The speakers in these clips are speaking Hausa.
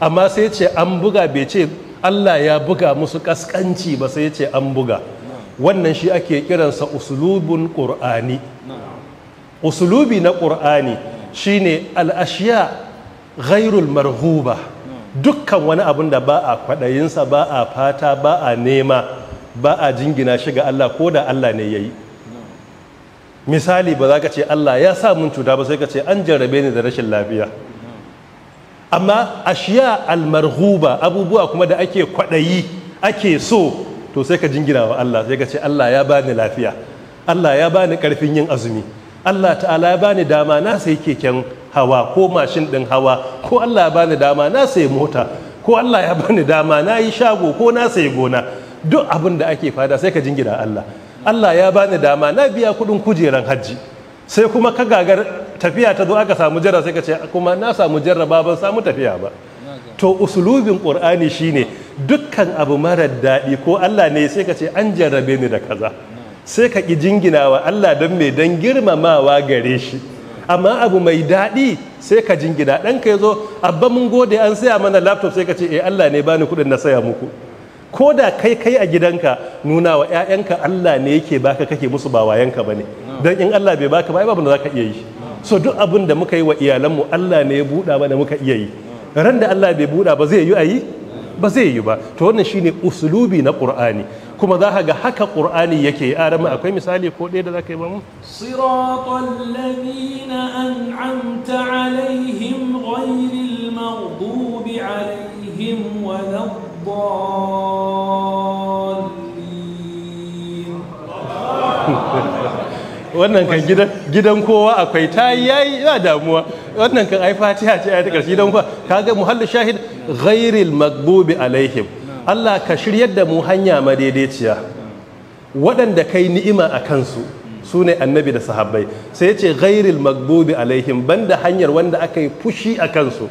amma sai ce an buga bai ce Allah ya buga musu kaskanci ba sai ce an buga wannan shi ake kiransa usulubun ƙur'ani usulubi na ƙur'ani shine al'ashiya ghairul marhuba dukkan wani abin da ba a kwaɗayinsa ba a fata ba a nema ba a jingina shi ga Allah ko da Allah ne ya yi misali ba za ka ce Allah ya sa mun cuta ba sai ka ce an jarrabe ni da rashin lafiya amma ashiya almarhuba abubuwa kuma da ake kwaɗayi ake so to sai ka jingina wa Allah sai ka ce Allah ya bani lafiya Allah ya bani karfin yin azumi Allah ta'ala ya bani dama na sai keken hawa ko mashin ɗin hawa ko Allah ya bani dama na sai mota ko Allah ya bani dama na yi shago ko na sai gona duk abin da ake fada sai ka jingina Allah Allah ya bani dama na biya kuɗin kujeran hajji sai kuma ka gagar tafiya ta zo aka samu jarra sai ka ce kuma na samu jarraba ban samu tafiya ba to usulubin qur'ani shine dukkan abu mara daɗi ko Allah ne sai ka ce an jarrabe ni da kaza sai ka ki jinginawa Allah dan mai don girmamawa gare shi amma abu mai daɗi sai ka jingina ɗanka ya zo abba mun gode an saya mana laptop sai ka ce eh Allah ne bani kuɗin na saya muku ko da kai kai a gidanka nuna wa 'ya'yanka Allah ne yake baka kake musu ba wayanka ne. dan in Allah bai baka ba ba da ka iya yi so duk abin da muka yi wa iyalanmu Allah ne ya buɗa mana muka iya yi ran da Allah bai buɗa ba zai yi a yi ba zai yi ba to wannan shine uslubi na qur'ani kuma za ka ga haka qur'ani yake arama akwai misali ko ɗaya da za ka yi ba mu siratal ladina an'amta alaihim ghayril maghdubi alaihim waladdallin wannan kan gidan kowa akwai ta yayi ba damuwa wannan kan ai fatiha ce ai ta karshe gidan kowa kaga muhallu shahid ghairil magbubi alaihim Allah ka shiryar da mu hanya madaidaiciya waɗanda kai ni'ima a kansu su ne annabi da sahabbai sai ya ce ghairil magbubi alaihim banda hanyar wanda aka yi fushi a kansu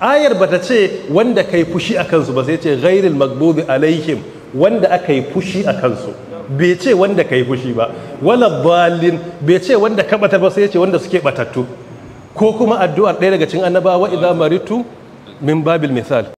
ayar bata ce wanda kai fushi a kansu ba sai ce ghairil magbubi alaihim wanda aka yi fushi a kansu bai ce wanda ka yi fushi ba wala balin bai ce wanda ka bata ba sai ce wanda suke batattu ko kuma addu'ar ɗaya daga annaba annabawa idza maritu min babil misal